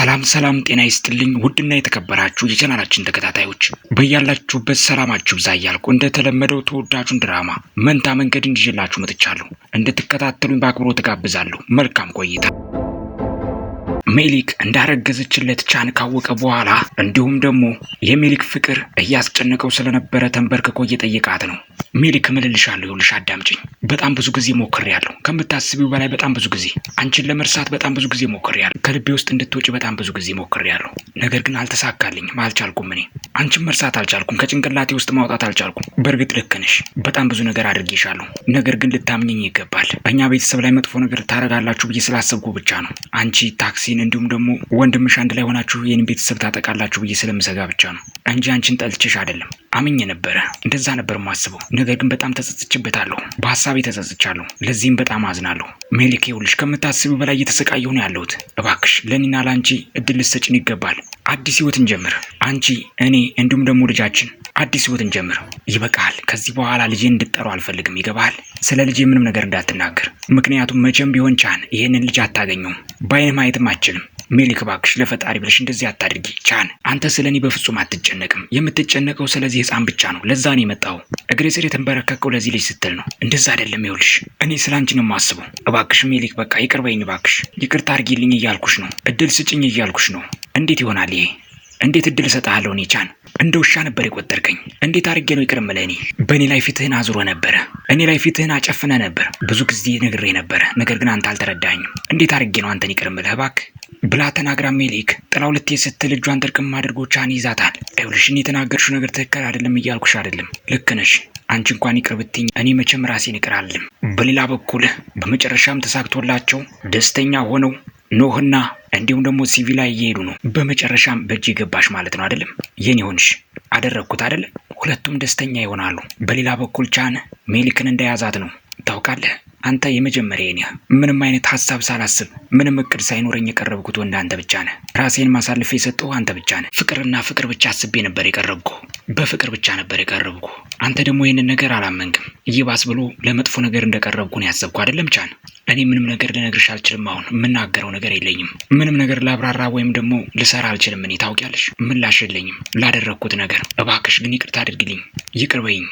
ሰላም ሰላም፣ ጤና ይስጥልኝ ውድና የተከበራችሁ የቻናላችን ተከታታዮች በያላችሁበት ሰላማችሁ ብዛ እያልኩ እንደተለመደው ተወዳጁን ድራማ መንታ መንገድ እንዲችላችሁ መጥቻለሁ። እንድትከታተሉኝ በአክብሮ ተጋብዛለሁ መልካም ቆይታ ሜሊክ እንዳረገዘችለት ቻን ካወቀ በኋላ እንዲሁም ደግሞ የሜሊክ ፍቅር እያስጨነቀው ስለነበረ ተንበርክኮ እየጠየቃት ነው። ሜሊክ እምልልሻለሁ፣ ይኸውልሽ አዳምጪኝ። በጣም ብዙ ጊዜ ሞክሬያለሁ፣ ከምታስቢው በላይ በጣም ብዙ ጊዜ አንቺን ለመርሳት በጣም ብዙ ጊዜ ሞክሬያለሁ። ከልቤ ውስጥ እንድትወጪ በጣም ብዙ ጊዜ ሞክሬያለሁ፣ ነገር ግን አልተሳካልኝም። አልቻልኩም። እኔ አንቺን መርሳት አልቻልኩም፣ ከጭንቅላቴ ውስጥ ማውጣት አልቻልኩም። በእርግጥ ልክ ነሽ፣ በጣም ብዙ ነገር አድርጌሻለሁ፣ ነገር ግን ልታምኘኝ ይገባል። እኛ ቤተሰብ ላይ መጥፎ ነገር ታረጋላችሁ ብዬ ስላሰብኩ ብቻ ነው አንቺ ታክሲ ሲን እንዲሁም ደግሞ ወንድምሽ አንድ ላይ ሆናችሁ ይህን ቤተሰብ ታጠቃላችሁ ብዬ ስለምሰጋ ብቻ ነው እንጂ አንቺን ጠልቼሽ አይደለም። አምኜ ነበረ፣ እንደዛ ነበር ማስበው። ነገር ግን በጣም ተጸጽችበታለሁ፣ በሀሳቤ ተጸጽቻለሁ። ለዚህም በጣም አዝናለሁ። ሜሊክ፣ ይኸውልሽ ከምታስቢው በላይ እየተሰቃየሁ ነው ያለሁት። እባክሽ ለእኔና ለአንቺ እድል ልትሰጪን ይገባል። አዲስ ህይወት እንጀምር፣ አንቺ እኔ እንዲሁም ደግሞ ልጃችን አዲስ ህይወት ጀምር ይበቃል። ከዚህ በኋላ ልጅ እንድጠሩ አልፈልግም። ይገባሃል? ስለ ልጄ ምንም ነገር እንዳትናገር። ምክንያቱም መቼም ቢሆን ቻን ይህንን ልጅ አታገኘውም። በአይን ማየትም አችልም። ሜሊክ ባክሽ ለፈጣሪ ብለሽ እንደዚህ አታድርጊ። ቻን አንተ ስለ እኔ በፍጹም አትጨነቅም። የምትጨነቀው ስለዚህ ህፃን ብቻ ነው። ለዛ ነው የመጣው። እግሬ ስር የተንበረከከው ለዚህ ልጅ ስትል ነው። እንደዛ አይደለም። ይኸውልሽ እኔ ስለ አንቺ ነው የማስበው። እባክሽ ሜሊክ በቃ ይቅር በይኝ እባክሽ። ይቅርታ አድርጊልኝ እያልኩሽ ነው። እድል ስጭኝ እያልኩሽ ነው። እንዴት ይሆናል ይሄ? እንዴት እድል እሰጥሃለሁ? እኔ ቻን እንደ ውሻ ነበር የቆጠርከኝ። እንዴት አድርጌ ነው ይቅር እኔ በእኔ ላይ ፊትህን አዙሮ ነበረ። እኔ ላይ ፊትህን አጨፍነ ነበር። ብዙ ጊዜ ነግሬ ነበረ፣ ነገር ግን አንተ አልተረዳኝም። እንዴት አድርጌ ነው አንተን ይቅር እምልህ? እባክህ ብላ ተናግራ ሜሊክ ጥላ ልትሄድ ስትል እጇን ጥርቅም አድርጎ ቻን ይዛታል። ይኸውልሽ እኔ የተናገርሽው ነገር ትክክል አይደለም እያልኩሽ አይደለም፣ ልክ ነሽ። አንቺ እንኳን ይቅር ብትኝ እኔ መቼም ራሴን ይቅር አልልም። በሌላ በኩል በመጨረሻም ተሳክቶላቸው ደስተኛ ሆነው ኖህና እንዲሁም ደግሞ ሲቪ ላይ እየሄዱ ነው። በመጨረሻም በእጅ የገባሽ ማለት ነው አይደለም? የኔ ሆንሽ አደረግኩት አይደለም? ሁለቱም ደስተኛ ይሆናሉ። በሌላ በኩል ቻን ሜሊክን እንደያዛት ነው ታውቃለህ አንተ የመጀመሪያ ነህ። ምንም አይነት ሀሳብ ሳላስብ ምንም እቅድ ሳይኖረኝ የቀረብኩት ወንድ አንተ ብቻ ነህ። ራሴን ማሳልፍ የሰጠው አንተ ብቻ ነህ። ፍቅርና ፍቅር ብቻ አስቤ ነበር የቀረብኩ፣ በፍቅር ብቻ ነበር የቀረብኩ። አንተ ደግሞ ይህንን ነገር አላመንክም። ይባስ ብሎ ለመጥፎ ነገር እንደቀረብኩ ነው ያሰብኩ። አይደለም ቻን፣ እኔ ምንም ነገር ልነግርሽ አልችልም። አሁን የምናገረው ነገር የለኝም። ምንም ነገር ላብራራ ወይም ደግሞ ልሰራ አልችልም። እኔ ታውቂያለሽ፣ ምላሽ የለኝም ላደረግኩት ነገር። እባክሽ ግን ይቅርታ አድርግልኝ፣ ይቅር በይኝ።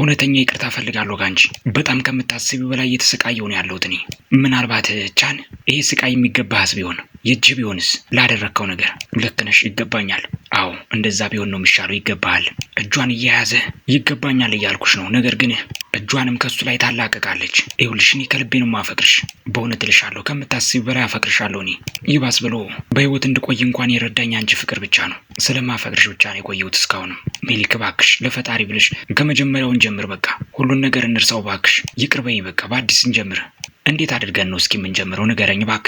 እውነተኛ ይቅርታ ፈልጋለሁ ከአንቺ በጣም ከምታስቢው በላይ ስቃይ ነው ያለሁት እኔ። ምናልባት ቻን ይሄ ስቃይ የሚገባ ህዝብ ይሆን? ይቺ ቢሆንስ ላደረግከው ነገር ልክ ነሽ፣ ይገባኛል። አዎ እንደዛ ቢሆን ነው የሚሻለው። ይገባሃል። እጇን እየያዘ ይገባኛል እያልኩሽ ነው፣ ነገር ግን እጇንም ከሱ ላይ ታላቀቃለች። ይኸውልሽ እኔ ከልቤ ነው የማፈቅርሽ፣ በእውነት እልሻለሁ፣ ከምታስቢ በላይ አፈቅርሻለሁ። እኔ ይባስ ብሎ በህይወት እንድቆይ እንኳን የረዳኝ አንቺ ፍቅር ብቻ ነው። ስለማፈቅርሽ ብቻ ነው የቆየሁት እስካሁንም። ሜሊክ እባክሽ ለፈጣሪ ብለሽ ከመጀመሪያውን ጀምር። በቃ ሁሉን ነገር እንርሳው እባክሽ፣ ይቅር በቃ በአዲስ እንጀምር። እንዴት አድርገን ነው እስኪ የምንጀምረው ንገረኝ ባክ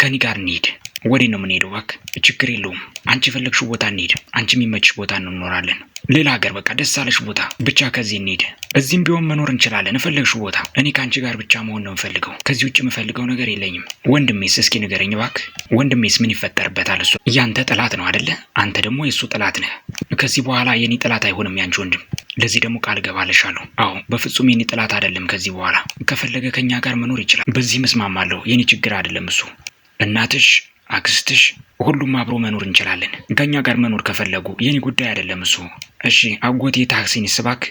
ከኒ ጋር እንሂድ ወዴ ነው የምንሄደው? እባክህ ችግር የለውም። አንቺ የፈለግሽው ቦታ እንሄድ። አንቺ የሚመችሽ ቦታ እንኖራለን። ሌላ ሀገር በቃ ደስ አለሽ ቦታ ብቻ ከዚህ እንሄድ። እዚህም ቢሆን መኖር እንችላለን። የፈለግሽው ቦታ። እኔ ከአንቺ ጋር ብቻ መሆን ነው የምፈልገው። ከዚህ ውጭ የምፈልገው ነገር የለኝም። ወንድሜስ እስኪ ንገረኝ እባክህ። ወንድሜስ ምን ይፈጠርበታል? እሱ ያንተ ጠላት ነው አደለ? አንተ ደግሞ የእሱ ጠላት ነህ። ከዚህ በኋላ የኔ ጠላት አይሆንም ያንቺ ወንድም። ለዚህ ደግሞ ቃል እገባልሻለሁ። አዎ በፍጹም የኔ ጠላት አይደለም። ከዚህ በኋላ ከፈለገ ከኛ ጋር መኖር ይችላል። በዚህ ምስማማለሁ። የኔ ችግር አይደለም እሱ እናትሽ አክስትሽ፣ ሁሉም አብሮ መኖር እንችላለን። ከእኛ ጋር መኖር ከፈለጉ የኔ ጉዳይ አይደለም እሱ። እሺ አጎቴ ታክሲን ስባክ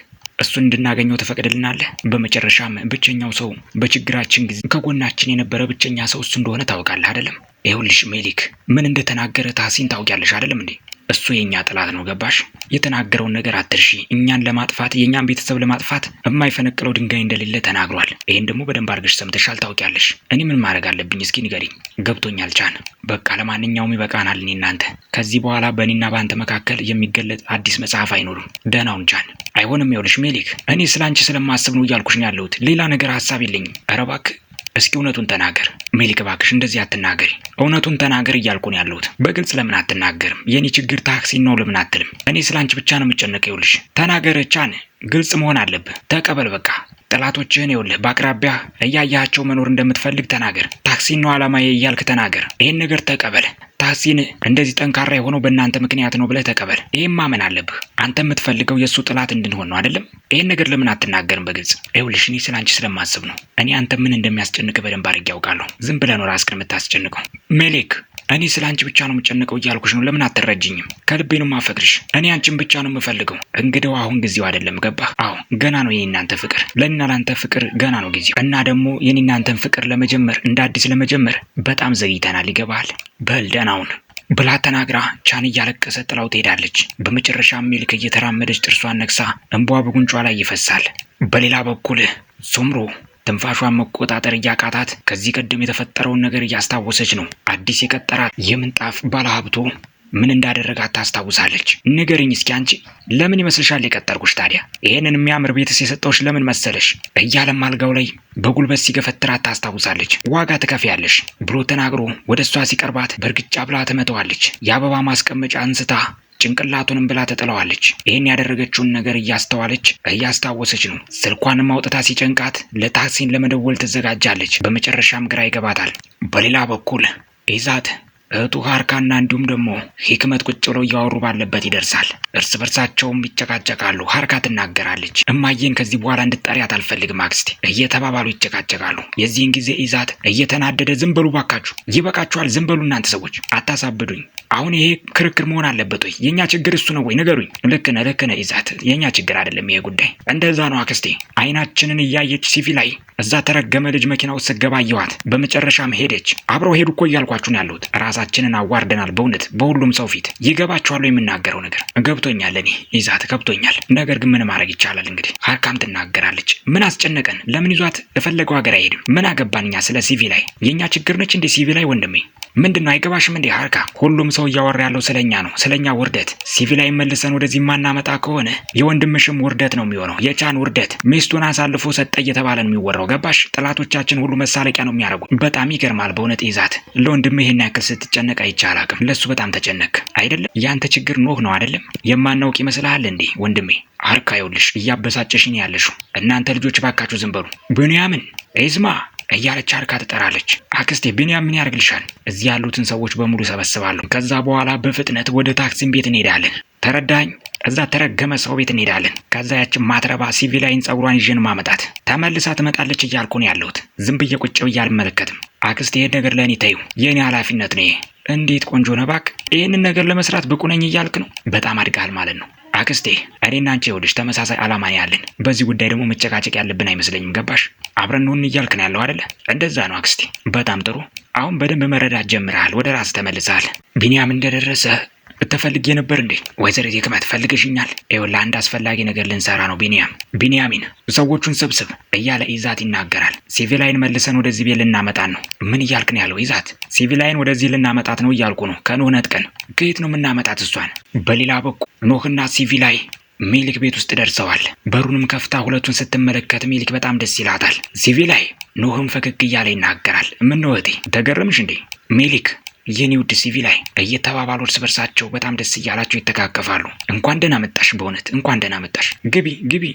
እሱን እንድናገኘው ትፈቅድልናለህ? በመጨረሻም ብቸኛው ሰው በችግራችን ጊዜ ከጎናችን የነበረ ብቸኛ ሰው እሱ እንደሆነ ታውቃለህ አይደለም? ይኸውልሽ ሜሊክ ምን እንደተናገረ ታሲን ታውቂያለሽ አይደለም እንዴ? እሱ የኛ ጠላት ነው። ገባሽ? የተናገረውን ነገር አትርሺ። እኛን ለማጥፋት የእኛን ቤተሰብ ለማጥፋት የማይፈነቅለው ድንጋይ እንደሌለ ተናግሯል። ይህን ደግሞ በደንብ አድርገሽ ሰምተሻል፣ ታውቂያለሽ። እኔ ምን ማድረግ አለብኝ? እስኪ ንገሪኝ። ገብቶኛል ቻን። በቃ ለማንኛውም ይበቃናል። እኔ እናንተ ከዚህ በኋላ በእኔና በአንተ መካከል የሚገለጥ አዲስ መጽሐፍ አይኖርም። ደህናውን ቻን። አይሆንም። ይኸውልሽ ሜሊክ፣ እኔ ስለ አንቺ ስለማስብ ነው እያልኩሽ ነው ያለሁት። ሌላ ነገር ሀሳብ የለኝም። ኧረ እባክህ እስኪ እውነቱን ተናገር። ሜሊክ እባክሽ እንደዚህ አትናገሪ። እውነቱን ተናገር እያልኩ ነው ያለሁት። በግልጽ ለምን አትናገርም? የእኔ ችግር ታክሲ ነው ለምን አትልም? እኔ ስለ አንቺ ብቻ ነው የምጨነቀው። ይኸውልሽ ተናገረቻን ግልጽ መሆን አለብህ። ተቀበል በቃ ጠላቶችህን ይኸውልህ በአቅራቢያ እያያቸው መኖር እንደምትፈልግ ተናገር። ታክሲን ነው ዓላማዬ እያልክ ተናገር። ይህን ነገር ተቀበል። ታክሲን እንደዚህ ጠንካራ የሆነው በእናንተ ምክንያት ነው ብለህ ተቀበል። ይህም ማመን አለብህ። አንተ የምትፈልገው የእሱ ጥላት እንድንሆን ነው አይደለም? ይህን ነገር ለምን አትናገርም በግልጽ? ይኸውልሽ እኔ ስለ አንቺ ስለማስብ ነው። እኔ አንተ ምን እንደሚያስጨንቅ በደንብ አድርጌ ያውቃለሁ። ዝም ብለህ ነው ራስህን የምታስጨንቀው ሜሌክ እኔ ስለ አንቺ ብቻ ነው የምጨነቀው እያልኩሽ ነው። ለምን አትረጅኝም? ከልቤ ነው ማፈቅርሽ። እኔ አንቺን ብቻ ነው የምፈልገው። እንግዲው አሁን ጊዜው አይደለም። ገባህ? አዎ ገና ነው የኔ እናንተ ፍቅር፣ ለእኔና ለአንተ ፍቅር ገና ነው ጊዜው እና ደግሞ የኔ እናንተን ፍቅር ለመጀመር እንደ አዲስ ለመጀመር በጣም ዘግይተናል። ይገባሃል? በል ደህናውን ብላ ተናግራ ቻን እያለቀሰ ጥላው ትሄዳለች። በመጨረሻ ሚልክ እየተራመደች ጥርሷን ነክሳ እንቧ በጉንጯ ላይ ይፈሳል። በሌላ በኩል ሶምሮ ትንፋሿን መቆጣጠር እያቃታት ከዚህ ቀደም የተፈጠረውን ነገር እያስታወሰች ነው። አዲስ የቀጠራት የምንጣፍ ባለሀብቶ ምን እንዳደረጋት ታስታውሳለች። ንገርኝ እስኪ አንቺ ለምን ይመስልሻል የቀጠርኩሽ? ታዲያ ይህንን የሚያምር ቤትስ የሰጠውሽ ለምን መሰለሽ? እያለም አልጋው ላይ በጉልበት ሲገፈትራት ታስታውሳለች። ዋጋ ትከፍያለሽ ብሎ ተናግሮ ወደ እሷ ሲቀርባት በእርግጫ ብላ ትመተዋለች። የአበባ ማስቀመጫ አንስታ ጭንቅላቱንም ብላ ተጥለዋለች። ይህን ያደረገችውን ነገር እያስተዋለች እያስታወሰች ነው። ስልኳንም አውጥታ ሲጨንቃት ለታክሲን ለመደወል ትዘጋጃለች። በመጨረሻም ግራ ይገባታል። በሌላ በኩል ኢዛት እህቱ ሀርካና እንዲሁም ደግሞ ሂክመት ቁጭ ብለው እያወሩ ባለበት ይደርሳል። እርስ በርሳቸውም ይጨቃጨቃሉ። ሀርካ ትናገራለች፣ እማዬን ከዚህ በኋላ እንድጠሪያት አልፈልግም አክስቴ እየተባባሉ ይጨቃጨቃሉ። የዚህን ጊዜ ይዛት እየተናደደ ዝንበሉ ባካችሁ፣ ይበቃችኋል፣ ዝንበሉ እናንተ ሰዎች አታሳብዱኝ። አሁን ይሄ ክርክር መሆን አለበት ወይ? የእኛ ችግር እሱ ነው ወይ? ንገሩኝ። ልክ ነህ፣ ልክ ነህ ልክ ነህ የእኛ ችግር አይደለም ይሄ ጉዳይ። እንደዛ ነው አክስቴ፣ አይናችንን እያየች ሲቪ ላይ እዛ ተረገመ ልጅ መኪና ውስጥ ስገባ አየኋት። በመጨረሻም ሄደች፣ አብረው ሄዱ እኮ እያልኳችሁ ነው ያለሁት ራሳ ራሳችንን አዋርደናል። በእውነት በሁሉም ሰው ፊት ይገባችኋል የምናገረው ነገር ገብቶኛል። እኔ ይዛት ገብቶኛል። ነገር ግን ምን ማድረግ ይቻላል? እንግዲህ ሀርካም ትናገራለች። ምን አስጨነቀን? ለምን ይዟት ለፈለገው ሀገር አይሄድም? ምን አገባን እኛ ስለ ሲቪ ላይ የእኛ ችግር ነች እንዴ? ሲቪ ላይ ወንድሜ ምንድነው አይገባሽም እንዴ አርካ? ሁሉም ሰው እያወራ ያለው ስለኛ ነው፣ ስለኛ ውርደት። ሲቪ ላይ መልሰን ወደዚህ ማናመጣ ከሆነ የወንድምሽም ውርደት ነው የሚሆነው፣ የቻን ውርደት። ሚስቱን አሳልፎ ሰጠ እየተባለ ነው የሚወራው። ገባሽ? ጠላቶቻችን ሁሉ መሳለቂያ ነው የሚያደርጉ። በጣም ይገርማል በእውነት ይዛት ለወንድም ይሄን ያክል ስት ስትጨነቅ አይቼ ለሱ በጣም ተጨነቅ አይደለም? ያንተ ችግር ኖህ ነው አይደለም? የማናውቅ ይመስልሃል እንዴ ወንድሜ? አርካ ይኸውልሽ፣ እያበሳጨሽን ያለሽው እናንተ ልጆች ባካችሁ ዝም በሉ። ብንያምን ኤዝማ እያለች አርካ ትጠራለች። አክስቴ ቢንያም ምን ያደርግልሻል? እዚህ ያሉትን ሰዎች በሙሉ ሰበስባለሁ። ከዛ በኋላ በፍጥነት ወደ ታክሲን ቤት እንሄዳለን። ተረዳኝ። እዛ ተረገመ ሰው ቤት እንሄዳለን። ከዛ ያችን ማትረባ ሲቪላይን ጸጉሯን ይዤን ማመጣት ተመልሳ ትመጣለች እያልኩ ነው ያለሁት። ዝም ብዬ ቁጭ ብዬ አልመለከትም። አክስቴ ይሄን ነገር ለእኔ ተይው፣ የእኔ ኃላፊነት ነው ይሄ። እንዴት ቆንጆ ነባክ፣ ይህንን ነገር ለመስራት ብቁ ነኝ እያልክ ነው። በጣም አድጋል ማለት ነው። አክስቴ እኔና አንቺ ይኸውልሽ ተመሳሳይ ዓላማ ነው ያለን። በዚህ ጉዳይ ደግሞ መጨቃጨቅ ያለብን አይመስለኝም። ገባሽ? አብረን እንሁን እያልክ ነው ያለው አይደለ? እንደዛ ነው አክስቴ። በጣም ጥሩ። አሁን በደንብ መረዳት ጀምረሃል። ወደ ራስ ተመልሰሃል። ቢንያም እንደደረሰ ብትፈልግ ነበር እንዴ? ወይዘሪት ህክመት ፈልገሽኛል? ይኸውልህ አንድ አስፈላጊ ነገር ልንሰራ ነው። ቢንያም ቢንያሚን፣ ሰዎቹን ሰብስብ እያለ ኢዛት ይናገራል። ሲቪላይን መልሰን ወደዚህ ቤት ልናመጣት ነው። ምን እያልክ ነው ያለው ኢዛት? ሲቪላይን ወደዚህ ልናመጣት ነው እያልኩ ነው። ከኖህ ነጥቀን ከየት ነው የምናመጣት እሷን? በሌላ በኩል ኖህና ሲቪላይ ሜሊክ ቤት ውስጥ ደርሰዋል። በሩንም ከፍታ ሁለቱን ስትመለከት ሜሊክ በጣም ደስ ይላታል። ሲቪላይ ኖህም ፈገግ እያለ ይናገራል። ምን እህቴ ተገረምሽ እንዴ? ሜሊክ የኒው ዲሲቪ ላይ እየተባባሉ እርስ በርሳቸው በጣም ደስ እያላቸው ይተቃቀፋሉ። እንኳን ደህና መጣሽ፣ በእውነት እንኳን ደህና መጣሽ፣ ግቢ ግቢ።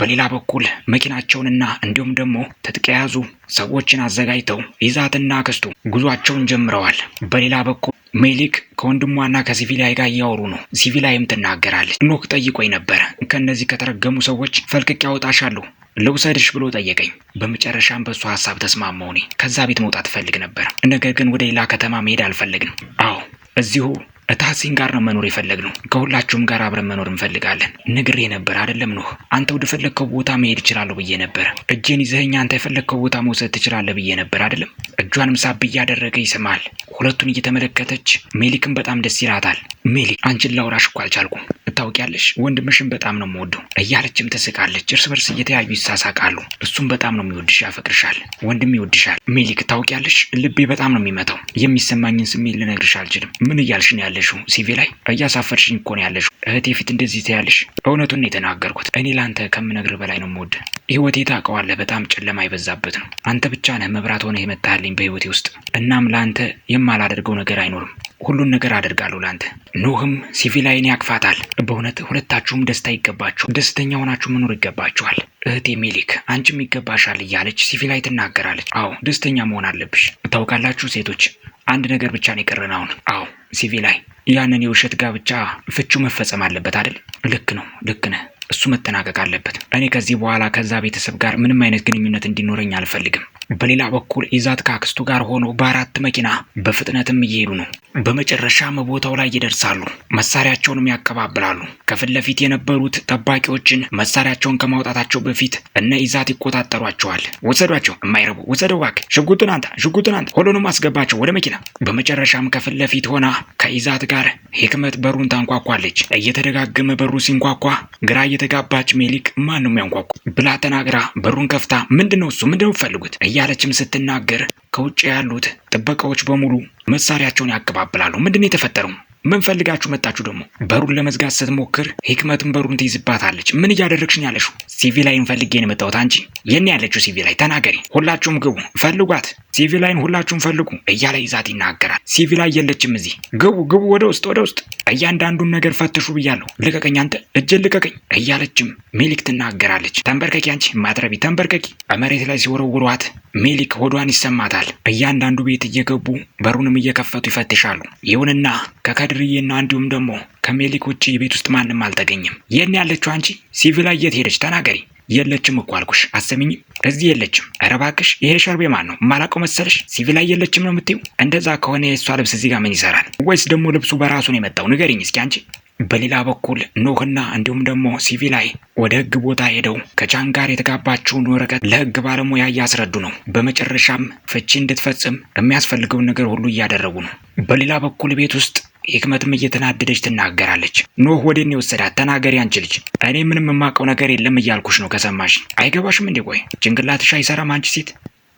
በሌላ በኩል መኪናቸውንና እንዲሁም ደግሞ ትጥቅ የያዙ ሰዎችን አዘጋጅተው ይዛትና ክስቱ ጉዟቸውን ጀምረዋል። በሌላ በኩል ሜሊክ ከወንድሟና ከሲቪላይ ጋር እያወሩ ነው። ሲቪላይም ትናገራለች። ኖክ ጠይቆኝ ነበረ። ከእነዚህ ከተረገሙ ሰዎች ፈልቅቄ አወጣሻለሁ ልውሰድሽ ብሎ ጠየቀኝ። በመጨረሻም በእሱ ሀሳብ ተስማማሁ። እኔ ከዛ ቤት መውጣት እፈልግ ነበር፣ ነገር ግን ወደ ሌላ ከተማ መሄድ አልፈለግም። አዎ እዚሁ እታሲን ጋር ነው መኖር የፈለግነው። ከሁላችሁም ጋር አብረን መኖር እንፈልጋለን። ንግሬ ነበር አይደለም ኖህ? አንተ ወደ ፈለግከው ቦታ መሄድ እችላለሁ ብዬ ነበር። እጄን ይዘኸኝ አንተ የፈለግከው ቦታ መውሰድ ትችላለህ ብዬ ነበር አይደለም? እጇንም ሳብ እያደረገ ይስማል። ሁለቱን እየተመለከተች ሜሊክን በጣም ደስ ይላታል። ሜሊክ አንቺን ላውራሽ እኮ አልቻልኩም እታውቂያለሽ ወንድምሽን በጣም ነው የምወደው እያለችም ትስቃለች። እርስ በርስ እየተያዩ ይሳሳቃሉ። እሱም በጣም ነው የሚወድሽ፣ ያፈቅርሻል። ወንድም ይወድሻል። ሜሊክ እታውቂያለሽ ልቤ በጣም ነው የሚመታው። የሚሰማኝን ስሜት ልነግርሽ አልችልም። ምን እያልሽ ነው ያለ ያለሽው ሲቪ ላይ እያሳፈርሽኝ እኮ ነው ያለሽው። እህቴ ፊት እንደዚህ ትያለሽ? እውነቱን የተናገርኩት እኔ ለአንተ ከምነግር በላይ ነው የምወድ። ህይወቴ ታውቀዋለህ፣ በጣም ጨለማ የበዛበት ነው። አንተ ብቻ ነህ መብራት ሆነ የመጣልኝ በህይወቴ ውስጥ። እናም ለአንተ የማላደርገው ነገር አይኖርም። ሁሉን ነገር አደርጋለሁ ለአንተ። ኖህም ሲቪላይን ያቅፋታል። በእውነት ሁለታችሁም ደስታ ይገባችኋል። ደስተኛ ሆናችሁ መኖር ይገባችኋል። እህቴ ሜሊክ አንቺም ይገባሻል እያለች ሲቪላይ ትናገራለች። አዎ ደስተኛ መሆን አለብሽ። ታውቃላችሁ ሴቶች አንድ ነገር ብቻ ነው የቀረን አሁን። አዎ ሲቪ ላይ ያንን የውሸት ጋብቻ ፍቹ መፈጸም አለበት አይደል? ልክ ነው፣ ልክ ነህ እሱ መጠናቀቅ አለበት። እኔ ከዚህ በኋላ ከዛ ቤተሰብ ጋር ምንም አይነት ግንኙነት እንዲኖረኝ አልፈልግም። በሌላ በኩል ኢዛት ከአክስቱ ጋር ሆኖ በአራት መኪና በፍጥነትም እየሄዱ ነው። በመጨረሻም ቦታው ላይ ይደርሳሉ። መሳሪያቸውንም ያቀባብላሉ። ከፊት ለፊት የነበሩት ጠባቂዎችን መሳሪያቸውን ከማውጣታቸው በፊት እነ ኢዛት ይቆጣጠሯቸዋል። ወሰዷቸው፣ የማይረቡ ወሰደው፣ እባክህ ሽጉጡን አንተ፣ ሽጉጡን አንተ፣ ሁሉንም አስገባቸው ወደ መኪና። በመጨረሻም ከፊት ለፊት ሆና ከኢዛት ጋር ህክመት በሩን ታንኳኳለች። እየተደጋገመ በሩ ሲንኳኳ ግራ የተጋባች ሜሊክ ማንም ያንኳኩ ብላ ተናግራ በሩን ከፍታ ምንድነው እሱ ምንድነው ፈልጉት እያለችም ስትናገር ከውጭ ያሉት ጥበቃዎች በሙሉ መሳሪያቸውን ያቀባብላሉ። ምንድነው የተፈጠረው? ምን ፈልጋችሁ መጣችሁ ደግሞ? በሩን ለመዝጋት ስትሞክር ህክመትን በሩን ትይዝባታለች። ምን እያደረግሽን ነው ያለሽው? ሲቪላይን ፈልጌ ነው የመጣሁት። አንቺ የኔ ያለችው ሲቪላይ ተናገሪ። ሁላችሁም ግቡ፣ ፈልጓት፣ ሲቪላይን ሁላችሁም ፈልጉ እያለ ይዛት ይናገራል። ሲቪላይ የለችም እዚህ። ግቡ፣ ግቡ፣ ወደ ውስጥ፣ ወደ ውስጥ፣ እያንዳንዱን ነገር ፈትሹ ብያለሁ። ልቀቀኝ፣ አንተ እጅን ልቀቀኝ እያለችም ሚሊክ ትናገራለች። ተንበርከኪ፣ አንቺ ማትረቢ ተንበርከኪ። መሬት ላይ ሲወረውሯት ሚሊክ ሆዷን ይሰማታል። እያንዳንዱ ቤት እየገቡ በሩንም እየከፈቱ ይፈትሻሉ። ይሁንና ከከ ከድርዬና እንዲሁም ደግሞ ከሜሊክ ውጭ ቤት ውስጥ ማንም አልተገኘም። የት ነው ያለችው? አንቺ ሲቪላይ የት ሄደች? ተናገሪ። የለችም እኮ አልኩሽ። አሰሚኝም እዚህ የለችም። ኧረ እባክሽ ይሄ ሸርቤ ማን ነው? የማላውቀው መሰለሽ? ላይ የለችም ነው የምትይው? እንደዛ ከሆነ የእሷ ልብስ እዚህ ጋር ምን ይሰራል? ወይስ ደግሞ ልብሱ በራሱ ነው የመጣው? ንገሪኝ እስኪ አንቺ። በሌላ በኩል ኖህና እንዲሁም ደግሞ ሲቪ ላይ ወደ ህግ ቦታ ሄደው ከቻን ጋር የተጋባችውን ወረቀት ለህግ ባለሙያ እያስረዱ ነው። በመጨረሻም ፍቺ እንድትፈጽም የሚያስፈልገውን ነገር ሁሉ እያደረጉ ነው። በሌላ በኩል ቤት ውስጥ ሂክመትም እየተናደደች ትናገራለች። ኖህ ወደኔ ወሰዳት። ተናገሪ አንቺ ልጅ፣ እኔ ምንም የማውቀው ነገር የለም እያልኩሽ ነው። ከሰማሽ አይገባሽም እንዴ? ቆይ ጭንቅላትሽ አይሰራም አንቺ ሴት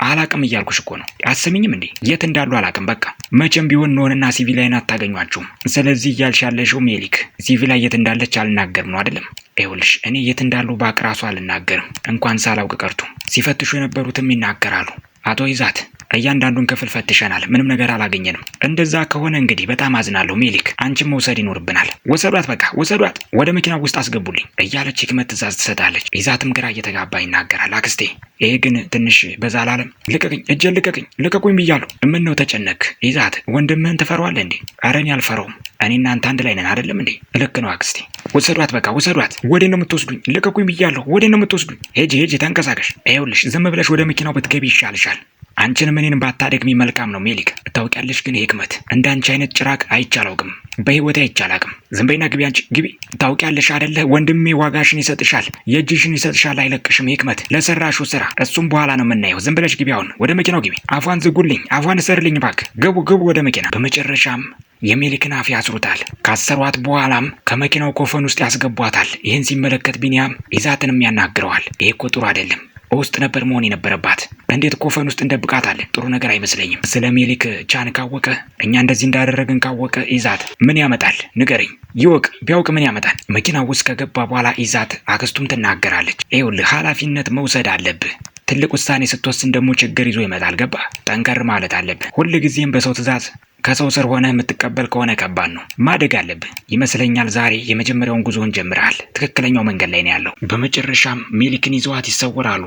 አላቅም እያልኩሽ እኮ ነው። አሰሚኝም እንዴ? የት እንዳሉ አላቅም። በቃ መቼም ቢሆን ኖንና ሲቪላይን አታገኟቸውም። ስለዚህ እያልሽ ያለሽው ሜሊክ ሲቪላይ የት እንዳለች አልናገርም ነው አይደለም? ይኸውልሽ እኔ የት እንዳሉ ባቅ ራሱ አልናገርም፣ እንኳን ሳላውቅ ቀርቶ ሲፈትሹ የነበሩትም ይናገራሉ። አቶ ይዛት እያንዳንዱን ክፍል ፈትሸናል። ምንም ነገር አላገኘንም። እንደዛ ከሆነ እንግዲህ በጣም አዝናለሁ ሜሊክ፣ አንቺም መውሰድ ይኖርብናል። ወሰዷት፣ በቃ ወሰዷት፣ ወደ መኪና ውስጥ አስገቡልኝ እያለች ህክመት ትእዛዝ ትሰጣለች። ይዛትም ግራ እየተጋባ ይናገራል። አክስቴ፣ ይሄ ግን ትንሽ በዛ አላለም? ልቀቅኝ፣ እጄን ልቀቅኝ፣ ልቀቁኝ ብያሉ። ምን ነው ተጨነክ? ይዛት፣ ወንድምህን ትፈራዋለህ እንዴ? ኧረ እኔ አልፈራውም። እኔ እናንተ አንድ ላይ ነን አይደለም እንዴ? ልክ ነው አክስቴ። ወሰዷት፣ በቃ ወሰዷት። ወዴት ነው የምትወስዱኝ? ልቀቁኝ ብያለሁ። ወዴት ነው የምትወስዱኝ? ሄጂ ሄጂ፣ ተንቀሳቀሽ። ይኸውልሽ፣ ዝም ብለሽ ወደ መኪናው ብትገቢ ይሻልሻል። አንቺንም እኔንም ባታደግሚ መልካም ነው ሜሊክ። እታውቂያለሽ ግን ሂክመት እንደ አንቺ አይነት ጭራቅ አይቼ አላውቅም፣ በህይወቴ አይቼ አላውቅም። ዝም በይና ግቢ፣ አንቺ ግቢ። እታውቂያለሽ አይደለ ወንድሜ ዋጋሽን ይሰጥሻል፣ የእጅሽን ይሰጥሻል፣ አይለቅሽም። ሂክመት ለሰራሹ ስራ እሱም በኋላ ነው የምናየው። ዝም ብለሽ ግቢ፣ አሁን ወደ መኪናው ግቢ። አፏን ዝጉልኝ፣ አፏን እሰርልኝ፣ ባክ ግቡ፣ ግቡ ወደ መኪና። በመጨረሻም የሜሊክን አፍ ያስሩታል። ካሰሯት በኋላም ከመኪናው ኮፈን ውስጥ ያስገቧታል። ይህን ሲመለከት ቢኒያም ይዛትንም ያናግረዋል። ይሄ እኮ ጥሩ አይደለም በውስጥ ነበር መሆን የነበረባት። እንዴት ኮፈን ውስጥ እንደብቃታለን? ጥሩ ነገር አይመስለኝም። ስለ ሜሊክ ቻን ካወቀ፣ እኛ እንደዚህ እንዳደረግን ካወቀ ይዛት ምን ያመጣል? ንገረኝ። ይወቅ። ቢያውቅ ምን ያመጣል? መኪና ውስጥ ከገባ በኋላ ይዛት አክስቱም ትናገራለች። ይኸውልህ ኃላፊነት መውሰድ አለብህ። ትልቅ ውሳኔ ስትወስን ደግሞ ችግር ይዞ ይመጣል። ገባ? ጠንከር ማለት አለብህ። ጊዜም በሰው ትእዛዝ ከሰው ስር ሆነ የምትቀበል ከሆነ ከባድ ነው። ማደግ አለብህ ይመስለኛል። ዛሬ የመጀመሪያውን ጉዞን ጀምረሃል። ትክክለኛው መንገድ ላይ ነው ያለው። በመጨረሻም ሜሊክን ይዘዋት ይሰወራሉ።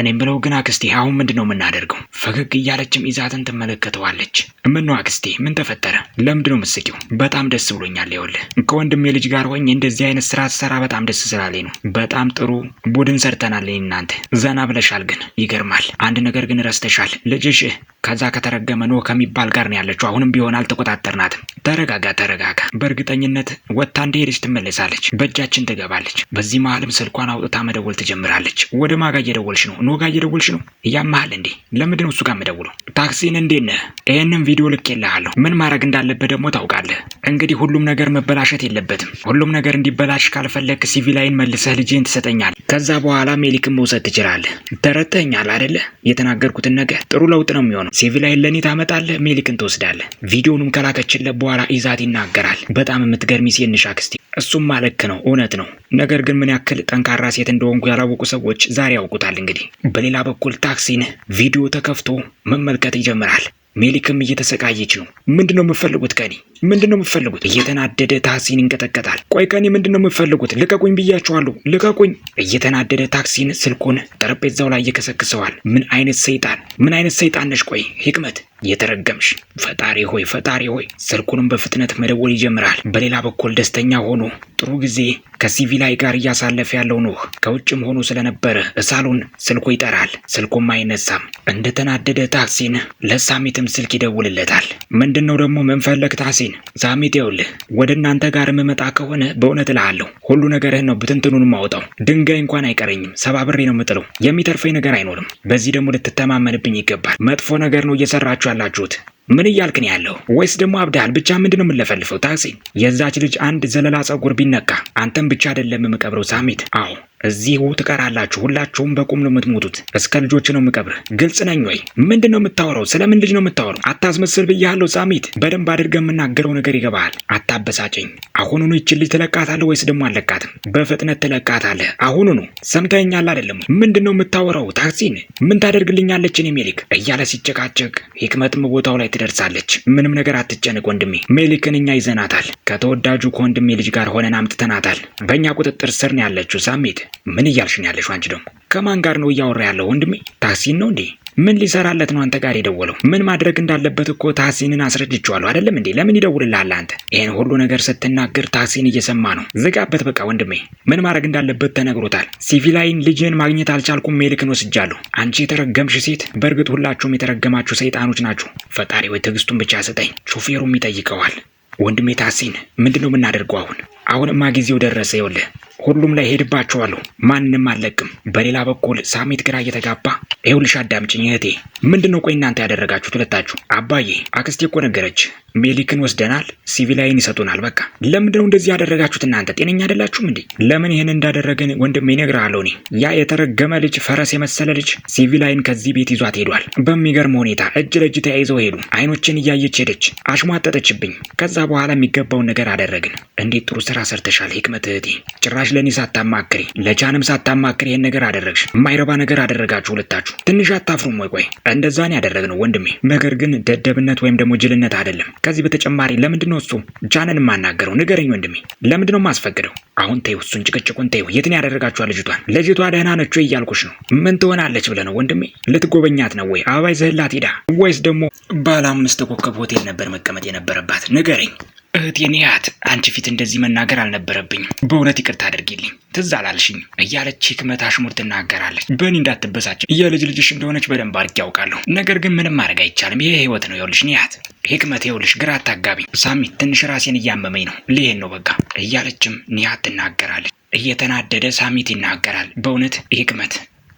እኔም ብለው ግን አክስቴ አሁን ምንድን ነው የምናደርገው? ፈገግ እያለችም ኢዛትን ትመለከተዋለች። ምነው አክስቴ ምን ተፈጠረ? ለምንድን ነው የምትስቂው? በጣም ደስ ብሎኛል። ይኸውልህ ከወንድም የልጅ ጋር ሆኜ እንደዚህ አይነት ስራ ስሰራ በጣም ደስ ስላለኝ ነው። በጣም ጥሩ ቡድን ሰርተናል እናንተ። ዘና ብለሻል፣ ግን ይገርማል። አንድ ነገር ግን ረስተሻል። ልጅሽ ከዛ ከተረገመ ኖህ ከሚባል ጋር ነው ያለችው። አሁንም ቢሆን አልተቆጣጠርናትም። ተረጋጋ ተረጋጋ። በእርግጠኝነት ወታ እንደሄደች ትመለሳለች፣ በእጃችን ትገባለች። በዚህ መሀልም ስልኳን አውጥታ መደወል ትጀምራለች። ወደ ማጋ እየደወልሽ ነው? ኖጋ እየደወልሽ ነው? እያመሃል እንዴ? ለምንድን ነው እሱ ጋር የምደውለው? ታክሲን እንዴት ነህ? ይህንም ቪዲዮ ልኬልሃለሁ። ምን ማድረግ እንዳለበት ደግሞ ታውቃለህ። እንግዲህ ሁሉም ነገር መበላሸት የለበትም። ሁሉም ነገር እንዲበላሽ ካልፈለግ ሲቪላይን መልሰህ ልጅን ትሰጠኛል። ከዛ በኋላ ሜሊክን መውሰድ ትችላለህ። ተረተኛል አደለ? የተናገርኩትን ነገር ጥሩ ለውጥ ነው የሚሆነው ሴቪላይን ለእኔ ታመጣለህ፣ ሜሊክን ትወስዳለህ። ቪዲዮንም ከላከችለት በኋላ ኢዛት ይናገራል። በጣም የምትገርሚ ሴት ክስቲ እሱም ማለክ ነው፣ እውነት ነው። ነገር ግን ምን ያክል ጠንካራ ሴት እንደሆንኩ ያላወቁ ሰዎች ዛሬ ያውቁታል። እንግዲህ በሌላ በኩል ታክሲን ቪዲዮ ተከፍቶ መመልከት ይጀምራል። ሜሊክም እየተሰቃየች ነው። ምንድን ነው የምፈልጉት? ከኔ ምንድን ነው የምፈልጉት? እየተናደደ ታክሲን ይንቀጠቀጣል። ቆይ ከኔ ምንድን ነው የምፈልጉት? ልቀቁኝ ብያችኋለሁ፣ ልቀቁኝ። እየተናደደ ታክሲን ስልኩን ጠረጴዛው ላይ እየከሰክሰዋል። ምን አይነት ሰይጣን፣ ምን አይነት ሰይጣን ነሽ? ቆይ ህክመት፣ የተረገምሽ ፈጣሪ ሆይ ፈጣሪ ሆይ። ስልኩንም በፍጥነት መደወል ይጀምራል። በሌላ በኩል ደስተኛ ሆኖ ጥሩ ጊዜ ከሲቪላይ ጋር እያሳለፈ ያለው ኖህ ከውጭም ሆኖ ስለነበረ እሳሉን ስልኩ ይጠራል። ስልኩም አይነሳም። እንደተናደደ ታክሲን ለሳሚትም ስልክ ይደውልለታል። ምንድን ነው ደግሞ ምንፈለግ ታሲን? ሳሚት ይኸውልህ ወደ እናንተ ጋር የምመጣ ከሆነ በእውነት እልሃለሁ ሁሉ ነገርህን ነው ብትንትኑን ማውጣው። ድንጋይ እንኳን አይቀረኝም፣ ሰባብሬ ነው የምጥለው። የሚተርፈኝ ነገር አይኖርም። በዚህ ደግሞ ልትተማመንብኝ ይገባል። መጥፎ ነገር ነው እየሰራችሁ ትችላላችሁት። ምን እያልክን ያለው? ወይስ ደግሞ አብዳል? ብቻ ምንድን ነው የምንለፈልፈው? ታክሲ የዛች ልጅ አንድ ዘለላ ጸጉር ቢነካ አንተም ብቻ አይደለም የምቀብረው ሳሚት። አዎ እዚሁ ትቀራላችሁ። ሁላችሁም በቁም ነው የምትሞቱት። እስከ ልጆች ነው የምቀብርህ። ግልጽ ነኝ ወይ? ምንድን ነው የምታወራው? ስለምን ልጅ ነው የምታወራው? አታስመስል ብያለሁ። ሳሚት፣ በደንብ አድርገህ የምናገረው ነገር ይገባሃል። አታበሳጨኝ። አሁኑኑ ይችን ልጅ ትለቃታለህ ወይስ ደግሞ አለቃትም? በፍጥነት ትለቃታለህ። አሁኑኑ። ሰምተኸኛል አይደለም? ምንድን ነው የምታወራው? ታክሲን ምን ታደርግልኛለች? እኔ ሜሊክ እያለ ሲጨቃጨቅ፣ ህክመትም ቦታው ላይ ትደርሳለች። ምንም ነገር አትጨንቅ ወንድሜ። ሜሊክን እኛ ይዘናታል። ከተወዳጁ ከወንድሜ ልጅ ጋር ሆነን አምጥተናታል። በእኛ ቁጥጥር ስር ነው ያለችው ሳሚት ምን እያልሽ ነው ያለሽው? አንቺ ደግሞ ከማን ጋር ነው እያወራ ያለው? ወንድሜ ታሲን ነው እንዴ? ምን ሊሰራለት ነው አንተ ጋር የደወለው? ምን ማድረግ እንዳለበት እኮ ታሲንን አስረድቼዋለሁ አይደለም እንዴ? ለምን ይደውልልሃል አንተ? ይህን ሁሉ ነገር ስትናገር ታሲን እየሰማ ነው። ዝጋበት በቃ ወንድሜ። ምን ማድረግ እንዳለበት ተነግሮታል። ሲቪላይን ልጅን ማግኘት አልቻልኩም፣ ሜልክን ወስጃለሁ። አንቺ የተረገምሽ ሴት፣ በእርግጥ ሁላችሁም የተረገማችሁ ሰይጣኖች ናችሁ። ፈጣሪ ወይ ትዕግስቱን ብቻ ስጠኝ። ሾፌሩም ይጠይቀዋል። ወንድሜ ታሲን ምንድን ነው የምናደርገው አሁን? አሁንማ ጊዜው ደረሰ። ይኸውልህ ሁሉም ላይ ሄድባችኋለሁ፣ ማንም አለቅም። በሌላ በኩል ሳሚት ግራ እየተጋባ ይኸውልሽ፣ አዳምጪኝ እህቴ፣ ምንድን ነው ቆይ እናንተ ያደረጋችሁት ሁለታችሁ? አባዬ፣ አክስቴ እኮ ነገረች፣ ሜሊክን ወስደናል፣ ሲቪላይን ይሰጡናል። በቃ ለምንድን ነው እንደዚህ ያደረጋችሁት? እናንተ ጤነኛ አይደላችሁም እንዴ? ለምን ይህን እንዳደረግን ወንድሜ እነግርሃለሁ። እኔ ያ የተረገመ ልጅ፣ ፈረስ የመሰለ ልጅ ሲቪላይን ከዚህ ቤት ይዟት ሄዷል። በሚገርም ሁኔታ እጅ ለእጅ ተያይዘው ሄዱ። አይኖችን እያየች ሄደች፣ አሽሟጠጠችብኝ። ከዛ በኋላ የሚገባውን ነገር አደረግን። እንዴት ጥሩ ስራ ሰርተሻል ህክመት እህቴ። ጭራሽ ለእኔ ሳታማክሪ ለቻንም ሳታማክሪ ይህን ነገር አደረግሽ። የማይረባ ነገር አደረጋችሁ ሁለታችሁ። ትንሽ አታፍሩም ወይ? ቆይ እንደዛ ነው ያደረግነው ወንድሜ። ነገር ግን ደደብነት ወይም ደግሞ ጅልነት አይደለም። ከዚህ በተጨማሪ ለምንድን ነው እሱ ቻንን የማናገረው? ንገረኝ ወንድሜ፣ ለምንድን ነው የማስፈቅደው? አሁን ተይው፣ እሱን ጭቅጭቁን ተይው። የትን ያደረጋችኋ ልጅቷን? ልጅቷ ደህና ነች እያልኩሽ ነው። ምን ትሆናለች ብለህ ነው ወንድሜ? ልትጎበኛት ነው ወይ? አበባ ይዘህላት ሂዳ ወይስ ደግሞ ባለ አምስት ኮከብ ሆቴል ነበር መቀመጥ የነበረባት? ንገረኝ። እህቴ ኒሀት አንቺ ፊት እንደዚህ መናገር አልነበረብኝም። በእውነት ይቅርታ አድርጊልኝ፣ ትዝ አላልሽኝ እያለች ህክመት አሽሙር ትናገራለች። በእኔ እንዳትበሳቸው የልጅ ልጅሽ እንደሆነች በደንብ አድርጌ ያውቃለሁ። ነገር ግን ምንም ማድረግ አይቻልም። ይሄ ህይወት ነው። ይኸውልሽ ኒሀት ህክመት፣ ይኸውልሽ ግራ አታጋቢኝ። ሳሚት ትንሽ ራሴን እያመመኝ ነው፣ ልሄድ ነው በቃ እያለችም ኒሀት ትናገራለች። እየተናደደ ሳሚት ይናገራል። በእውነት ህክመት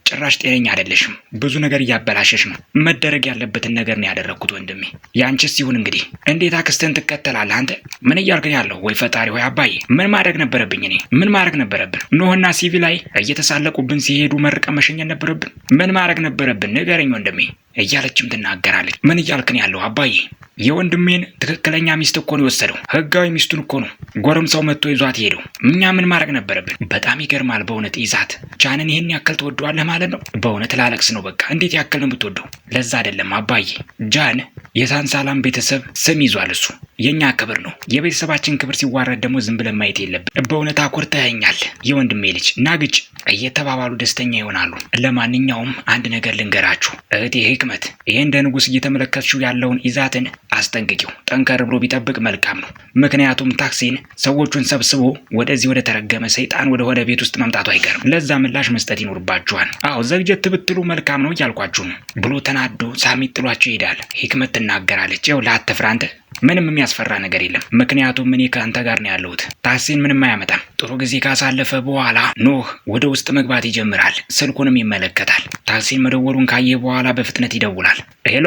ጭራሽ ጤነኛ አይደለሽም። ብዙ ነገር እያበላሸሽ ነው። መደረግ ያለበትን ነገር ነው ያደረግኩት ወንድሜ። ያንቺስ ይሁን እንግዲህ። እንዴት አክስትህን ትከተላለህ አንተ? ምን እያልክ ነው ያለው? ወይ ፈጣሪ ሆይ አባዬ፣ ምን ማድረግ ነበረብኝ? እኔ ምን ማድረግ ነበረብን? ኖህና ሲቪ ላይ እየተሳለቁብን ሲሄዱ መርቀ መሸኘት ነበረብን? ምን ማድረግ ነበረብን? ንገረኝ ወንድሜ እያለችም ትናገራለች። ምን እያልክ ነው ያለው አባዬ? የወንድሜን ትክክለኛ ሚስት እኮ ነው የወሰደው። ህጋዊ ሚስቱን እኮ ነው ጎረምሳው መጥቶ ይዟት ሄደው። እኛ ምን ማድረግ ነበረብን? በጣም ይገርማል በእውነት ይዛት ቻንን ይህን ያክል ትወደዋለህ ማለት ነው። በእውነት ላለቅስ ነው። በቃ እንዴት ያክል ነው የምትወደው? ለዛ አይደለም አባዬ። ጃን የሳንሳላም ቤተሰብ ስም ይዟል እሱ የኛ ክብር ነው። የቤተሰባችን ክብር ሲዋረድ ደግሞ ዝም ብለን ማየት የለብን። በእውነት አኮርተኸኛል የወንድሜ ልጅ ናግጭ እየተባባሉ ደስተኛ ይሆናሉ። ለማንኛውም አንድ ነገር ልንገራችሁ እህቴ ህክመት፣ ይህ እንደ ንጉሥ እየተመለከትሽው ያለውን ኢዛትን አስጠንቅቂው። ጠንከር ብሎ ቢጠብቅ መልካም ነው። ምክንያቱም ታክሲን ሰዎቹን ሰብስቦ ወደዚህ ወደ ተረገመ ሰይጣን ወደ ሆነ ቤት ውስጥ መምጣቱ አይቀርም። ለዛ ምላሽ መስጠት ይኖርባችኋል። አዎ ዘግጀት ብትሉ መልካም ነው እያልኳችሁ ነው ብሎ ተናዶ ሳሚት ጥሏቸው ይሄዳል። ህክመት ትናገራለች። ይኸውልህ አትፍራ አንተ ምንም የሚያስፈራ ነገር የለም። ምክንያቱም እኔ ከአንተ ጋር ነው ያለሁት። ታሲን ምንም አያመጣም። ጥሩ ጊዜ ካሳለፈ በኋላ ኖህ ወደ ውስጥ መግባት ይጀምራል። ስልኩንም ይመለከታል። ታሲን መደወሉን ካየ በኋላ በፍጥነት ይደውላል። ሄሎ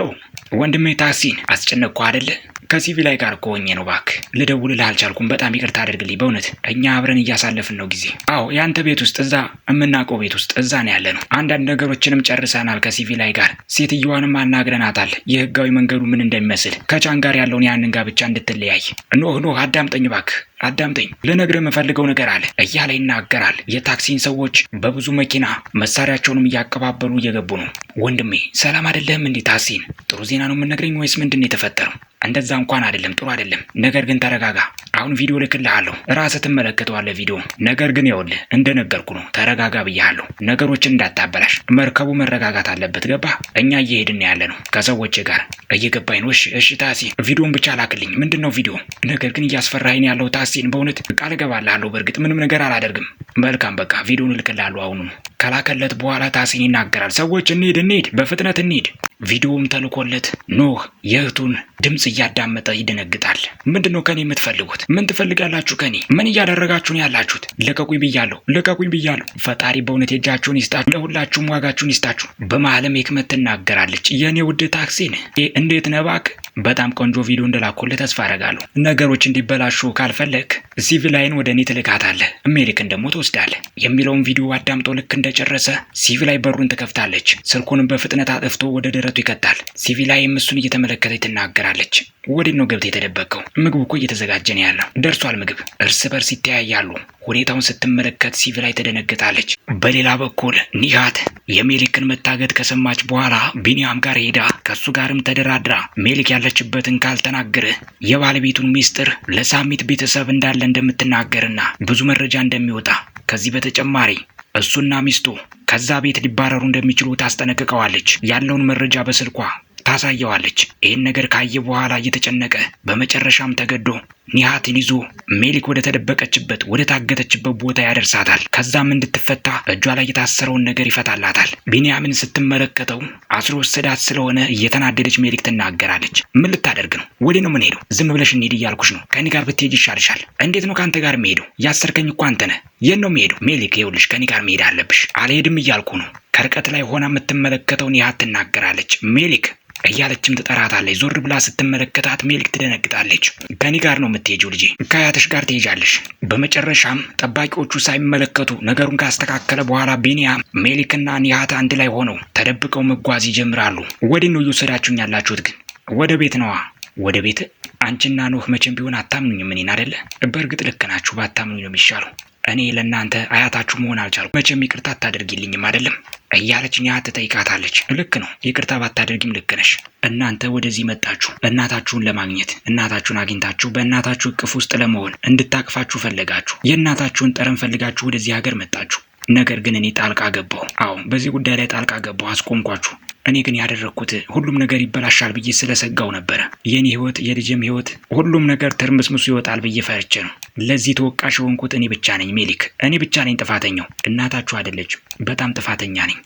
ወንድሜ ታሲን አስጨነቅኩ አይደለ? ከሲቪላይ ጋር ከሆኜ ነው። ባክ ልደውልልህ አልቻልኩም። በጣም ይቅርታ አድርግልኝ። በእውነት እኛ አብረን እያሳለፍን ነው ጊዜ። አዎ የአንተ ቤት ውስጥ እዛ የምናውቀው ቤት ውስጥ እዛ ነው ያለ ነው። አንዳንድ ነገሮችንም ጨርሰናል ከሲቪላይ ጋር። ሴትየዋንም አናግረናታል፣ የህጋዊ መንገዱ ምን እንደሚመስል ከቻን ጋር ያለውን ያንን ጋብቻ እንድትለያይ። ኖህ ኖህ አዳምጠኝ ባክ። አዳምጠኝ ለነግረ የምፈልገው ነገር አለ እያለ ይናገራል። የታክሲን ሰዎች በብዙ መኪና መሳሪያቸውንም እያቀባበሉ እየገቡ ነው። ወንድሜ ሰላም አይደለህም እንዴ? ታክሲን ጥሩ ዜና ነው የምነግረኝ ወይስ ምንድን ነው የተፈጠረው? እንደዛ እንኳን አይደለም፣ ጥሩ አይደለም። ነገር ግን ተረጋጋ። አሁን ቪዲዮ ልክልሃለሁ፣ ራስህ ትመለከተዋለህ ቪዲዮ። ነገር ግን ይኸውልህ እንደነገርኩ ነው፣ ተረጋጋ ብያሃለሁ። ነገሮችን እንዳታበላሽ። መርከቡ መረጋጋት አለበት፣ ገባ እኛ እየሄድን ያለ ነው ከሰዎች ጋር እየገባኝ ነው። እሺ፣ እሺ ታሲ፣ ቪዲዮን ብቻ ላክልኝ። ምንድን ነው ቪዲዮ? ነገር ግን እያስፈራኸኝ ያለው ታሲን፣ በእውነት ቃል እገባልሃለሁ፣ በእርግጥ ምንም ነገር አላደርግም። መልካም፣ በቃ ቪዲዮን እልክልሃለሁ አሁኑ ከላከለት በኋላ ታሲን ይናገራል። ሰዎች እንሂድ እንሂድ፣ በፍጥነት እንሂድ። ቪዲዮውም ተልኮለት ኖህ የእህቱን ድምፅ እያዳመጠ ይደነግጣል። ምንድን ነው ከኔ የምትፈልጉት? ምን ትፈልጋላችሁ ከኔ? ምን እያደረጋችሁ ነው ያላችሁት? ልቀቁኝ ብያለሁ፣ ልቀቁኝ ብያለሁ። ፈጣሪ በእውነት የእጃችሁን ይስጣችሁ፣ ለሁላችሁም ዋጋችሁን ይስጣችሁ። በመዓለም ሂክመት ትናገራለች። የእኔ ውድ ታክሲን እንዴት ነህ እባክህ? በጣም ቆንጆ ቪዲዮ እንደላኩልህ ተስፋ አረጋለሁ። ነገሮች እንዲበላሹ ካልፈለግ ሲቪላይን ወደ እኔ ትልካታለህ፣ አሜሪክን ደግሞ ትወስዳለህ የሚለውን ቪዲዮ አዳምጦ ልክ እንደ እንደጨረሰ ሲቪ ላይ በሩን ትከፍታለች። ስልኩንም በፍጥነት አጥፍቶ ወደ ደረቱ ይከታል። ሲቪ ላይ እሱን እየተመለከተች ትናገራለች። ወዴት ነው ገብተህ የተደበቀው? ምግቡ እኮ እየተዘጋጀ ነው ያለው። ደርሷል ምግብ። እርስ በርስ ይተያያሉ። ሁኔታውን ስትመለከት ሲቪ ላይ ተደነግጣለች። በሌላ በኩል ኒሃት የሜሊክን መታገት ከሰማች በኋላ ቢኒያም ጋር ሄዳ ከሱ ጋርም ተደራድራ ሜሊክ ያለችበትን ካልተናገረ የባለቤቱን ሚስጥር ለሳሚት ቤተሰብ እንዳለ እንደምትናገርና ብዙ መረጃ እንደሚወጣ ከዚህ በተጨማሪ እሱና ሚስቱ ከዛ ቤት ሊባረሩ እንደሚችሉ ታስጠነቅቀዋለች። ያለውን መረጃ በስልኳ ታሳየዋለች። ይህን ነገር ካየ በኋላ እየተጨነቀ በመጨረሻም ተገዶ ኒሃትን ይዞ ሜሊክ ወደ ተደበቀችበት ወደ ታገተችበት ቦታ ያደርሳታል። ከዛም እንድትፈታ እጇ ላይ የታሰረውን ነገር ይፈታላታል። ቢንያምን ስትመለከተው አስሮ ወሰዳት ስለሆነ እየተናደደች ሜሊክ ትናገራለች። ምን ልታደርግ ነው? ወዴ ነው የምንሄደው? ዝም ብለሽ እንሄድ እያልኩሽ ነው። ከኔ ጋር ብትሄጅ ይሻልሻል። እንዴት ነው ከአንተ ጋር የምሄደው? ያሰርከኝ እኮ አንተ ነህ። የት ነው የምሄደው? ሜሊክ ይኸውልሽ፣ ከኔ ጋር መሄድ አለብሽ። አልሄድም እያልኩ ነው። ከርቀት ላይ ሆና የምትመለከተው ኒሃት ትናገራለች። ሜሊክ እያለችም ትጠራታለች። ዞር ብላ ስትመለከታት ሜሊክ ትደነግጣለች። ከኔ ጋር ነው የምትሄጂው ልጄ። ከአያትሽ ጋር ትሄጃለሽ። በመጨረሻም ጠባቂዎቹ ሳይመለከቱ ነገሩን ካስተካከለ በኋላ ቢኒያም፣ ሜሊክና ኒሃት አንድ ላይ ሆነው ተደብቀው መጓዝ ይጀምራሉ። ወዴት ነው እየወሰዳችሁኝ ያላችሁት ግን? ወደ ቤት ነዋ። ወደ ቤት አንቺና ኖህ መቼም ቢሆን አታምኑኝም እኔን አይደለ? በእርግጥ ልክ ናችሁ፣ ባታምኑኝ ነው የሚሻለው። እኔ ለእናንተ አያታችሁ መሆን አልቻልኩ። መቼም ይቅርታ አታደርጊልኝም አይደለም እያለች ኒሃት ትጠይቃታለች። ልክ ነው፣ ይቅርታ ባታደርጊም ልክ ነሽ። እናንተ ወደዚህ መጣችሁ እናታችሁን ለማግኘት፣ እናታችሁን አግኝታችሁ በእናታችሁ እቅፍ ውስጥ ለመሆን እንድታቅፋችሁ ፈለጋችሁ። የእናታችሁን ጠረን ፈልጋችሁ ወደዚህ ሀገር መጣችሁ። ነገር ግን እኔ ጣልቃ ገባሁ። አዎ፣ በዚህ ጉዳይ ላይ ጣልቃ ገባሁ፣ አስቆምኳችሁ። እኔ ግን ያደረግኩት ሁሉም ነገር ይበላሻል ብዬ ስለሰጋው ነበረ። የኔ ህይወት፣ የልጅም ህይወት፣ ሁሉም ነገር ትርምስምሱ ይወጣል ብዬ ፈርቼ ነው። ለዚህ ተወቃሽ የሆንኩት እኔ ብቻ ነኝ ሜሊክ፣ እኔ ብቻ ነኝ ጥፋተኛው። እናታችሁ አይደለችም። በጣም ጥፋተኛ ነኝ።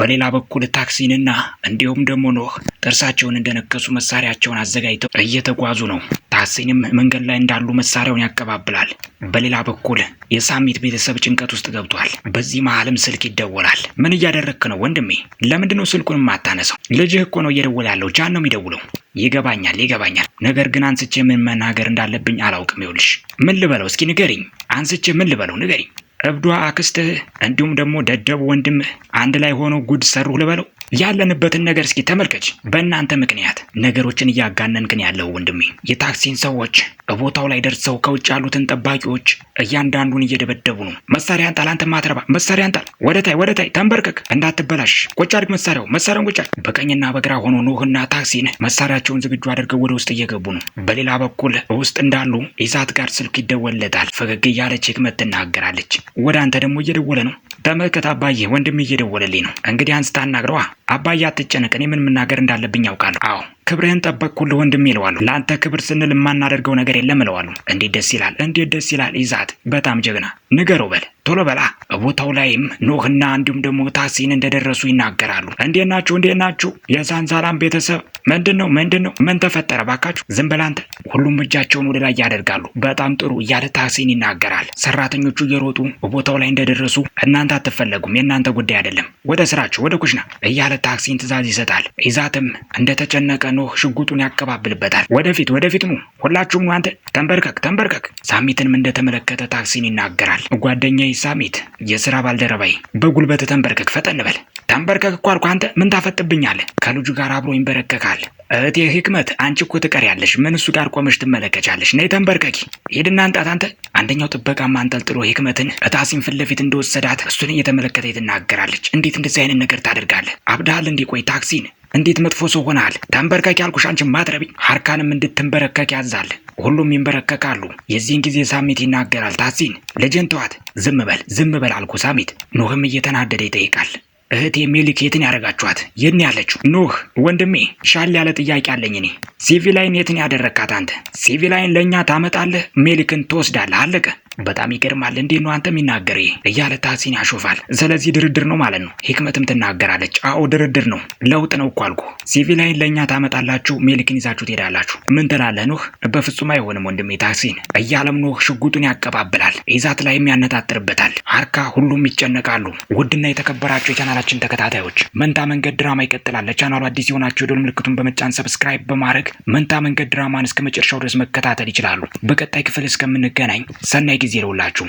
በሌላ በኩል ታክሲንና እንዲሁም ደግሞ ኖህ ጥርሳቸውን እንደነከሱ መሳሪያቸውን አዘጋጅተው እየተጓዙ ነው። ታክሲንም መንገድ ላይ እንዳሉ መሳሪያውን ያቀባብላል። በሌላ በኩል የሳሚት ቤተሰብ ጭንቀት ውስጥ ገብቷል። በዚህ መሀልም ስልክ ይደወላል። ምን እያደረግክ ነው ወንድሜ? ለምንድነው ስልኩን ማታ የምታነሳው? ልጅህ እኮ ነው እየደወለ ያለው። ጃን ነው የሚደውለው። ይገባኛል፣ ይገባኛል። ነገር ግን አንስቼ ምን መናገር እንዳለብኝ አላውቅም። ይኸውልሽ፣ ምን ልበለው እስኪ ንገሪኝ። አንስቼ ምን ልበለው ንገሪኝ። እብዷ አክስትህ እንዲሁም ደግሞ ደደቡ ወንድምህ አንድ ላይ ሆነው ጉድ ሰሩህ ልበለው? ያለንበትን ነገር እስኪ ተመልከች። በእናንተ ምክንያት ነገሮችን እያጋነንክን ያለው ወንድሜ፣ የታክሲን ሰዎች ቦታው ላይ ደርሰው ከውጭ ያሉትን ጠባቂዎች እያንዳንዱን እየደበደቡ ነው። መሳሪያን ጣል፣ አንተ ማትረባ መሳሪያን ጣል። ወደታይ ወደታይ፣ ተንበርከክ፣ እንዳትበላሽ። ቁጭ አድርግ መሳሪያው፣ መሳሪያን ቁጭ አድርግ። በቀኝና በግራ ሆኖ ኖህና ታክሲን መሳሪያቸውን ዝግጁ አድርገው ወደ ውስጥ እየገቡ ነው። በሌላ በኩል ውስጥ እንዳሉ ኢሳት ጋር ስልክ ይደወለታል። ፈገግ እያለች ህክመት ትናገራለች። ወደ አንተ ደግሞ እየደወለ ነው። ተመልከት አባዬ፣ ወንድሜ እየደወለልኝ ነው። እንግዲህ አንስታ አናግረዋ አባዬ አትጨነቅ፣ እኔ ምን መናገር እንዳለብኝ ያውቃለሁ። አዎ ክብርህን ጠበቅኩልህ ወንድም ይለዋሉ። ለአንተ ክብር ስንል የማናደርገው ነገር የለም እለዋሉ። እንዴት ደስ ይላል! እንዴት ደስ ይላል! ይዛት በጣም ጀግና ንገረው በል ቶሎ በላ። ቦታው ላይም ኖህና እንዲሁም ደግሞ ታሲን እንደደረሱ ይናገራሉ። እንዴት ናችሁ? እንዴት ናችሁ? የዛንዛላም ቤተሰብ ምንድን ነው ምንድን ነው ምን ተፈጠረ? ባካችሁ ዝም ብለህ አንተ። ሁሉም እጃቸውን ወደ ላይ ያደርጋሉ። በጣም ጥሩ እያለ ታሲን ይናገራል። ሰራተኞቹ እየሮጡ ቦታው ላይ እንደደረሱ እናንተ አትፈለጉም፣ የእናንተ ጉዳይ አይደለም፣ ወደ ስራችሁ፣ ወደ ኩሽና እያለ ታክሲን ትእዛዝ ይሰጣል። ይዛትም እንደተጨነቀ ኖህ ሽጉጡን ያቀባብልበታል። ወደፊት ወደፊት ኑ ሁላችሁም ኑ። አንተ ተንበርከክ ተንበርከክ። ሳሚትንም እንደተመለከተ ታክሲን ይናገራል። ጓደኛዬ ሳሚት፣ የስራ ባልደረባይ፣ በጉልበት ተንበርከክ፣ ፈጠን በል ተንበርከክ እኮ አልኩህ። አንተ ምን ታፈጥብኛለህ? ከልጁ ጋር አብሮ ይንበረከካል። እህቴ ህክመት፣ አንቺ እኮ ትቀሪያለሽ። ምን እሱ ጋር ቆመሽ ትመለከቻለሽ? ነይ ተንበርከኪ። ሂድና አንጣት። አንተ አንደኛው ጥበቃ ማንጠልጥሎ ህክመትን እታሲም ፊት ለፊት እንደወሰዳት እሱን እየተመለከተ ትናገራለች። እንዴት እንደዚህ አይነት ነገር ታደርጋለህ? አብዳሃል እንዲቆይ ታክሲን እንዴት መጥፎ ሰው ሆነሃል? ተንበርከክ ያልኩሽ አንቺን ማትረቢ። ሀርካንም እንድትንበረከክ ያዛል። ሁሉም ይንበረከካሉ። የዚህን ጊዜ ሳሚት ይናገራል። ታሲን ልጅን ተዋት፣ ዝም በል ዝም በል አልኩ ሳሚት። ኖህም እየተናደደ ይጠይቃል እህቴ ሜሊኬትን ያደረጋችኋት? የት ነው ያለችው? ኑህ ወንድሜ፣ ሻል ያለ ጥያቄ አለኝ እኔ። ሲቪላይን የትን ያደረግካት አንተ? ሲቪላይን ለእኛ ታመጣለህ፣ ሜሊክን ትወስዳለህ። አለቀ። በጣም ይገርማል። እንዴት ነው አንተ የሚናገር እያለ ታሲን ያሾፋል። ስለዚህ ድርድር ነው ማለት ነው። ሂክመትም ትናገራለች። አዎ ድርድር ነው፣ ለውጥ ነው እኮ አልኩ። ሲቪላይን ለእኛ ታመጣላችሁ፣ ሜሊክን ይዛችሁ ትሄዳላችሁ። ምን ትላለህ ኑህ? በፍጹም አይሆንም ወንድሜ ታሲን እያለም ኑህ ሽጉጡን ያቀባብላል። ኢዛት ላይም ያነጣጥርበታል። አርካ ሁሉም ይጨነቃሉ። ውድና የተከበራቸው የቻናላ የቻናላችን ተከታታዮች መንታ መንገድ ድራማ ይቀጥላል። ለቻናሉ አዲስ የሆናችሁ የደወል ምልክቱን በመጫን ሰብስክራይብ በማድረግ መንታ መንገድ ድራማን እስከ መጨረሻው ድረስ መከታተል ይችላሉ። በቀጣይ ክፍል እስከምንገናኝ ሰናይ ጊዜ ይለውላችሁ።